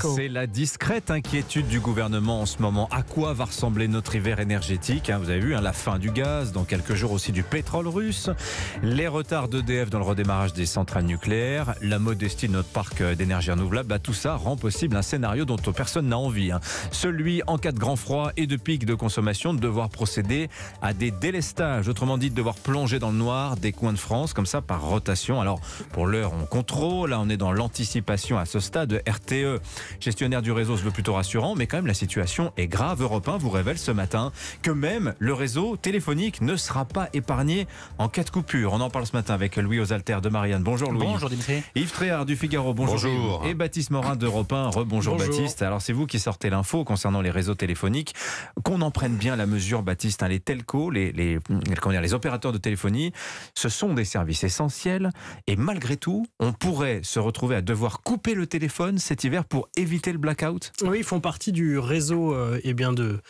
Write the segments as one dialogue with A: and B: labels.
A: C'est
B: la discrète inquiétude du gouvernement en ce moment. À quoi va ressembler notre hiver énergétique hein, Vous avez vu, hein, la fin du gaz, dans quelques jours aussi du pétrole russe, les retards d'EDF dans le redémarrage des centrales nucléaires, la modestie de notre parc euh, d'énergie renouvelable, bah, tout ça rend possible un scénario dont personne n'a envie. Hein. Celui, en cas de grand froid et de pic de consommation, de devoir procéder à des délestages. Autrement dit, de devoir plonger dans le noir des coins de France, comme ça, par rotation. Alors, pour l'heure, on contrôle. Là, on est dans l'anticipation à ce stade. RTE Gestionnaire du réseau se veut plutôt rassurant, mais quand même la situation est grave. Europe 1 vous révèle ce matin que même le réseau téléphonique ne sera pas épargné en cas de coupure. On en parle ce matin avec Louis aux de Marianne. Bonjour Louis. Bonjour Dimitri. Yves Tréhard du Figaro, bonjour. Et Baptiste Morin d'Europe 1, rebonjour Baptiste. Alors c'est vous qui sortez l'info concernant les réseaux téléphoniques. Qu'on en prenne bien la mesure, Baptiste, hein, les telcos, les, les, les opérateurs de téléphonie, ce sont des services essentiels et malgré tout, on pourrait se retrouver à devoir couper le téléphone cet hiver pour
A: éviter le blackout Oui, ils font partie du réseau, euh, eh bien de,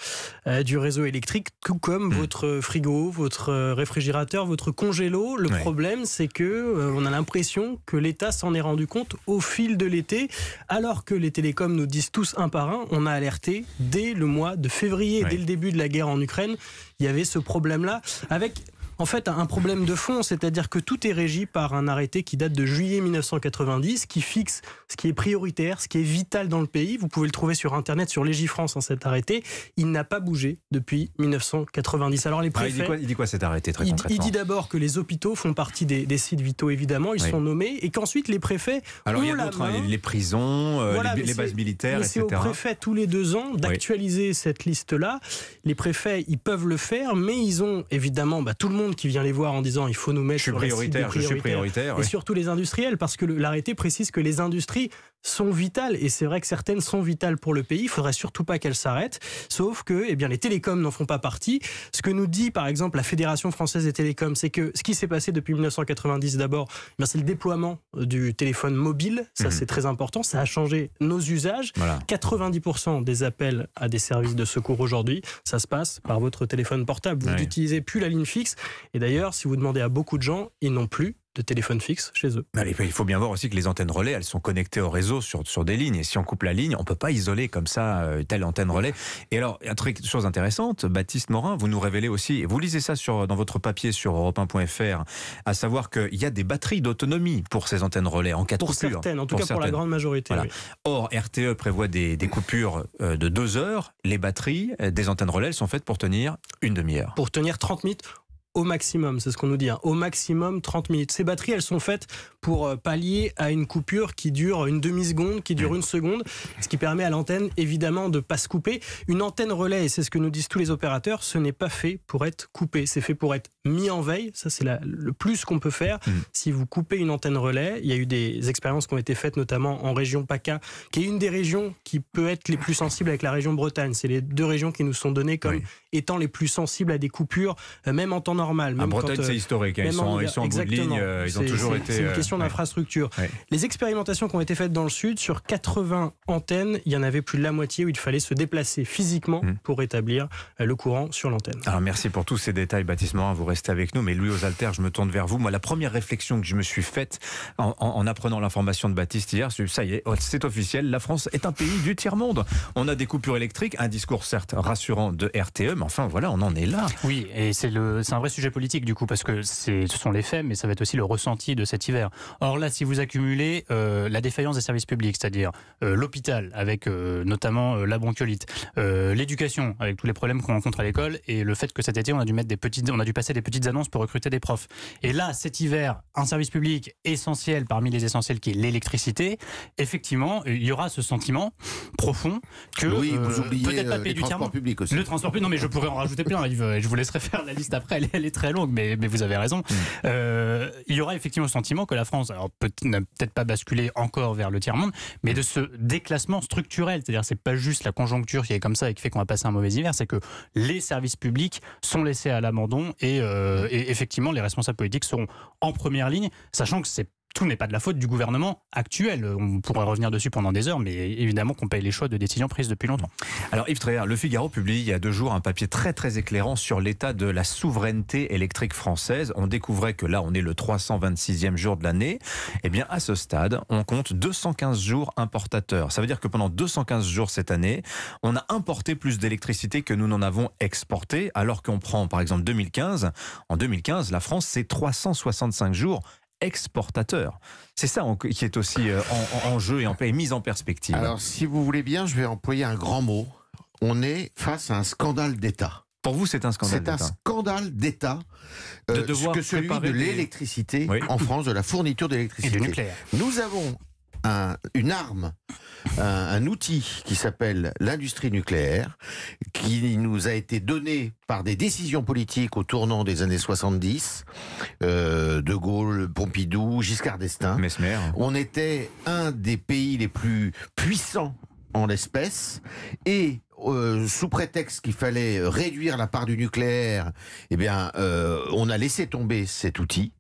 A: euh, du réseau électrique, tout comme hmm. votre frigo, votre euh, réfrigérateur, votre congélo. Le problème, c'est que on a l'impression que l'État s'en est rendu compte au fil de l'été, alors que les télécoms nous disent tous un par un, on a alerté dès le mois de février, dès le début de la guerre en Ukraine, il y avait ce problème-là, avec en fait un problème de fond, c'est-à-dire que tout est régi par un arrêté qui date de juillet 1990, qui fixe ce qui est prioritaire, ce qui est vital dans le pays. Vous pouvez le trouver sur Internet, sur Légifrance, en hein, cet arrêté. Il n'a pas bougé depuis 1990. Alors les ah, préfets... il,
B: dit quoi, cet arrêté très il, concrètement Il dit
A: d'abord que les hôpitaux font partie des, sites vitaux, évidemment, ils sont nommés, et qu'ensuite les préfets... Alors il y a d'autres, hein,
B: les prisons, euh, les, bases militaires, etc. C'est aux préfets
A: tous les deux ans d'actualiser cette liste-là. Les préfets, ils peuvent le faire, mais ils ont évidemment, bah, tout le monde qui vient les voir en disant il faut nous mettre sur prioritaire, je suis prioritaire, et surtout les industriels parce que l'arrêté précise que les industries sont vitales. Et c'est vrai que certaines sont vitales pour le pays. Il faudrait surtout pas qu'elles s'arrêtent. Sauf que, eh bien, les télécoms n'en font pas partie. Ce que nous dit, par exemple, la Fédération française des télécoms, c'est que ce qui s'est passé depuis 1990 d'abord, eh c'est le déploiement euh, du téléphone mobile. Ça, mhm. c'est très important. Ça a changé nos usages. 90% des appels à des services de secours aujourd'hui, ça se passe par votre téléphone portable. Vous n'utilisez plus la ligne fixe. Et d'ailleurs, si vous demandez à beaucoup de gens, ils n'ont plus de téléphone fixe chez eux.
B: il faut bien voir aussi que les antennes relais, elles sont connectées au réseau sur, sur des lignes. Et si on coupe la ligne, on ne peut pas isoler comme ça euh, telle antenne relais. Et alors, un truc, chose intéressante, Baptiste Morin, vous nous révélez aussi, et vous lisez ça sur, dans votre papier sur europe1.fr, à savoir qu'il y a des batteries d'autonomie pour ces antennes relais en cas de coupure. Pour certaines, en tout cas pour la grande majorité. Or, RTE prévoit des, des coupures euh, de deux heures. Les batteries euh, des antennes relais, elles sont faites pour tenir une demi-heure.
A: Pour tenir 30 minutes au maximum, c'est ce qu'on nous dit, hein. au maximum 30 minutes. Ces batteries, elles sont faites pour euh, pallier à une coupure qui dure une demi-seconde, qui dure une seconde, ce qui permet à l'antenne évidemment de ne pas se couper. Une antenne relais, c'est ce que nous disent tous les opérateurs, ce n'est pas fait pour être coupé, c'est fait pour être mis en veille, ça c'est le plus qu'on peut faire. Mmh. Si vous coupez une antenne relais, il y a eu des expériences qui ont été faites notamment en région PACA, qui est une des régions qui peut être les plus sensibles avec la région Bretagne. C'est les deux régions qui nous sont données comme étant les plus sensibles à des coupures, euh, même en temps normal. Même Bretagne, c'est euh, historique. Hein. ils, sont, en bout de ligne. Euh, ils ont toujours été. C'est une euh, question d'infrastructure. Les expérimentations qui ont été faites dans le sud, sur 80 antennes, il y en avait plus de la moitié où il fallait se déplacer physiquement hmm. pour établir le courant sur l'antenne.
B: Alors merci pour tous ces détails, Baptiste Morin. Vous restez avec nous. Mais Louis aux Alters, je me tourne vers vous. Moi, la première réflexion que je me suis faite en, apprenant l'information de Baptiste hier, c'est ça y est, oh, c'est officiel. La France est un pays du tiers-monde. On a des coupures électriques, un discours certes rassurant de RTE, mais enfin voilà, on en
C: est là. Oui, et c'est un vrai sujet politique du coup, parce que ce sont les faits, mais ça va être aussi le ressenti de cet hiver. Or là, si vous accumulez euh, la défaillance des services publics, c'est-à-dire euh, l'hôpital avec euh, notamment la bronchiolite, l'éducation avec tous les problèmes qu'on rencontre à l'école, et le fait que cet été on a dû mettre des petites, on a dû passer des petites annonces pour recruter des profs. Et là, cet hiver, un service public essentiel parmi les essentiels qui est l'électricité, effectivement, il y aura ce sentiment profond que oui, peut-être pas public aussi. Le transport public, non mais je pourrais en rajouter plein, et je vous laisserai faire la liste après. Elle elle est très longue, mais, vous avez raison. Mm. Euh, il y aura effectivement le sentiment que la France, peut, n'a peut-être pas basculé encore vers le tiers-monde, mais de ce déclassement structurel. C'est-à-dire, c'est pas juste la conjoncture qui est comme ça et qui fait qu'on va passer un mauvais hiver, c'est que les services publics sont laissés à l'abandon et, euh, et effectivement, les responsables politiques seront en première ligne, sachant que c'est tout n'est pas de la faute du gouvernement actuel. On pourrait revenir dessus pendant des heures, mais évidemment qu'on paye les choix de décisions prises depuis longtemps.
B: Alors Yves Tréhard, Le Figaro publie il y a deux jours un papier très très éclairant sur l'état de la souveraineté électrique française. On découvrait que là, on est le 326e jour de l'année. Eh bien, à ce stade, on compte 215 jours importateurs. Ça veut dire que pendant 215 jours cette année, on a importé plus d'électricité que nous n'en avons exporté, alors qu'on prend par exemple 2015. En 2015, la France, c'est 365 jours exportateur. C'est ça qui est aussi euh, en, jeu et, en, mise en perspective. Alors,
D: si vous voulez bien, je vais employer un grand mot. On est face à un scandale d'État. Pour vous, c'est un scandale C'est un scandale d'État
A: euh, de que celui de l'électricité
D: en France, de la fourniture d'électricité. nucléaire. Nous avons une arme, un, outil qui s'appelle l'industrie nucléaire, qui nous a été donné par des décisions politiques au tournant des années 70, euh, De Gaulle, Pompidou, Giscard d'Estaing. Mesmer. On était un des pays les plus puissants en l'espèce et euh, sous prétexte qu'il fallait réduire la part du nucléaire, eh bien, euh, on a laissé tomber cet outil.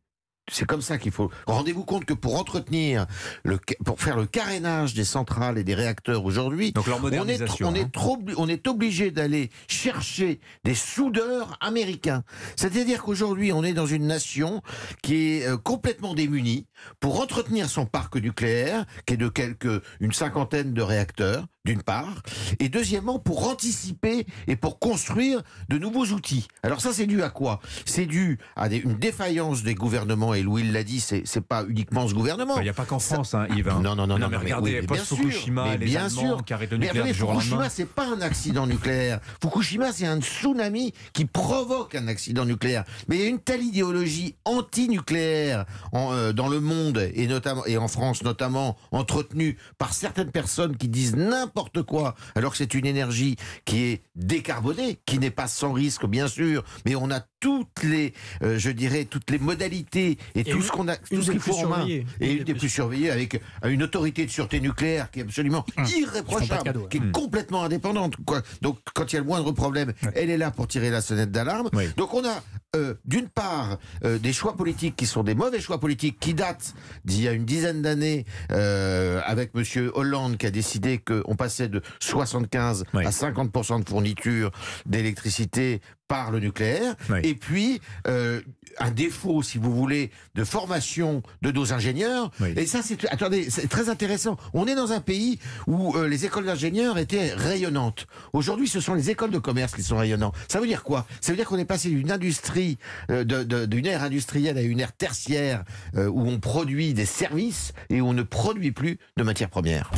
D: C'est comme ça qu'il faut. Rendez-vous compte que pour entretenir, le, pour faire le carénage des centrales et des réacteurs aujourd'hui, on est, hein. trop, on est obligé d'aller chercher des soudeurs américains. C'est-à-dire qu'aujourd'hui, on est dans une nation qui est euh, complètement démunie pour entretenir son parc nucléaire, qui est de quelques une cinquantaine de réacteurs, d'une part, et deuxièmement, pour anticiper et pour construire de nouveaux outils. Alors ça, c'est dû à quoi C'est dû à une défaillance des gouvernements, et Louis l'a dit, c'est, c'est pas uniquement ce gouvernement. Il bah, n'y a pas qu'en France, hein, Yves. Hein. Non, non, non, non, mais, regardez, Fukushima, les bien sûr. Fukushima, c'est pas un accident nucléaire. Fukushima, c'est un tsunami qui provoque un accident nucléaire. Mais il y a une telle idéologie anti-nucléaire euh, dans le monde, et, notamment, et en France notamment, entretenue par certaines personnes qui disent n'importe n'importe quoi, alors que c'est une énergie qui est décarbonée, qui n'est pas sans risque, bien sûr, mais on a toutes les, euh, je dirais, toutes les modalités et, tout ce qu'on a, tout ce qu'il faut en main. Et une, une plus, surveillé avec euh, une autorité de sûreté nucléaire qui est absolument hum. irréprochable, qui est hum. complètement indépendante. Quoi. Donc, quand il y a le moindre problème, elle est là pour tirer la sonnette d'alarme. Donc, on a euh, d'une part euh, des choix politiques qui sont des mauvais choix politiques qui datent d'il y a une dizaine d'années euh, avec Monsieur Hollande qui a décidé qu'on passait de 75 à 50% de fourniture d'électricité par le nucléaire, et puis euh, un défaut, si vous voulez, de formation de nos ingénieurs. Et ça, c'est attendez, c'est très intéressant. On est dans un pays où euh, les écoles d'ingénieurs étaient rayonnantes. Aujourd'hui, ce sont les écoles de commerce qui sont rayonnantes. Ça veut dire quoi Ça veut dire qu'on est passé d'une industrie, euh, d'une ère industrielle à une ère tertiaire où on produit des services et où on ne produit plus de matières premières.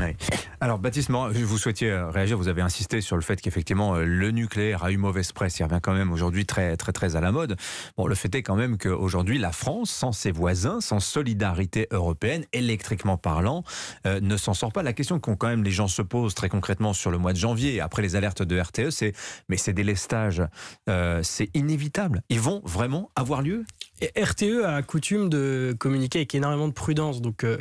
B: Alors, Baptiste, vous souhaitiez réagir. Vous avez insisté sur le fait qu'effectivement le nucléaire a eu mauvaise presse. Il revient quand même aujourd'hui très, très, très à la mode. Bon, le fait est quand même qu'aujourd'hui, la France, sans ses voisins, sans solidarité européenne, électriquement parlant, euh, ne s'en sort pas. La question que quand même les gens se posent très concrètement sur le mois de janvier, après les alertes de RTE, c'est mais ces délestages, euh, c'est
A: inévitable.
B: Ils vont vraiment avoir lieu.
A: Et RTE a coutume de communiquer avec énormément de prudence, donc. Euh,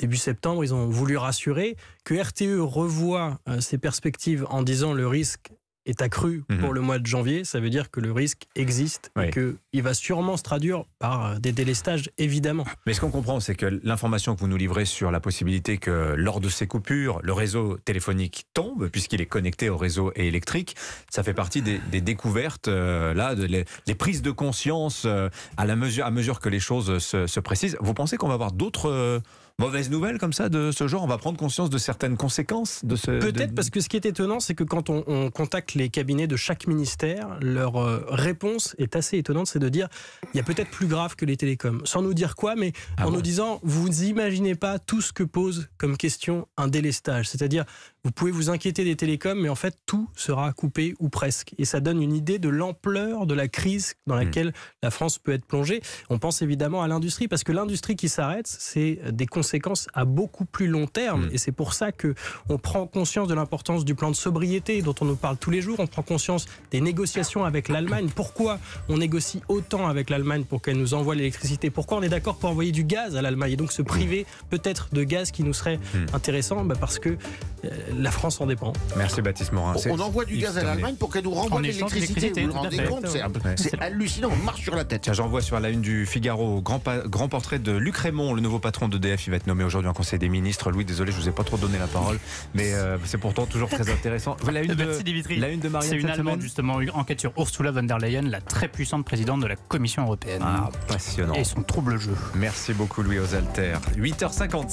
A: début septembre, ils ont voulu rassurer que RTE revoit ses perspectives en disant le risque est accru mhm. pour le mois de janvier, ça veut dire que le risque existe et qu'il va sûrement se traduire par euh, des délestages, évidemment. Mais ce qu'on
B: comprend, c'est que l'information que vous nous livrez sur la possibilité que lors de ces coupures, le réseau téléphonique tombe, puisqu'il est connecté au réseau électrique, ça fait partie des, découvertes, euh, là, de prises de conscience euh, à, mesure, à mesure que les choses se, précisent. Vous pensez qu'on va avoir d'autres mauvaise nouvelle comme ça de ce genre On va prendre conscience de certaines conséquences de ce. Peut-être
A: parce que ce qui est étonnant, c'est que quand on, contacte les cabinets de chaque ministère, leur euh, réponse est assez étonnante, c'est de dire il y a peut-être plus grave que les télécoms. Sans nous dire quoi, mais ah en nous disant vous n'imaginez pas tout ce que pose comme question un délestage. C'est-à-dire vous pouvez vous inquiéter des télécoms, mais en fait, tout sera coupé ou presque. Et ça donne une idée de l'ampleur de la crise dans hmm. laquelle la France peut être plongée. On pense évidemment à l'industrie, parce que l'industrie qui s'arrête, c'est des conséquences à beaucoup plus long terme. Hmm. Et c'est pour ça que on prend conscience de l'importance du plan de sobriété dont on nous parle tous les jours. On prend conscience des négociations avec l'Allemagne. Pourquoi on négocie autant avec l'Allemagne pour qu'elle nous envoie l'électricité Pourquoi on est d'accord pour envoyer du gaz à l'Allemagne et donc se priver peut-être de gaz qui nous serait hmm. intéressant bah Parce que euh, la France en dépend. Merci Baptiste Morin. On envoie du gaz à l'Allemagne pour qu'elle nous
D: renvoie l'électricité. Vous vous rendez C'est hallucinant, on
B: marche sur la tête. J'envoie sur la une du Figaro, grand, grand portrait de Luc Raymond, le nouveau patron de DF. Il va être nommé aujourd'hui en Conseil des ministres. Louis, désolé, je ne vous ai pas trop donné la parole, mais euh, c'est pourtant toujours très intéressant. La une de, la une de C'est une Allemande,
C: justement, enquête sur Ursula von der Leyen, la très puissante présidente de la Commission européenne. Ah, passionnant. Et son trouble jeu.
B: Merci beaucoup, Louis Osalter. 8h50.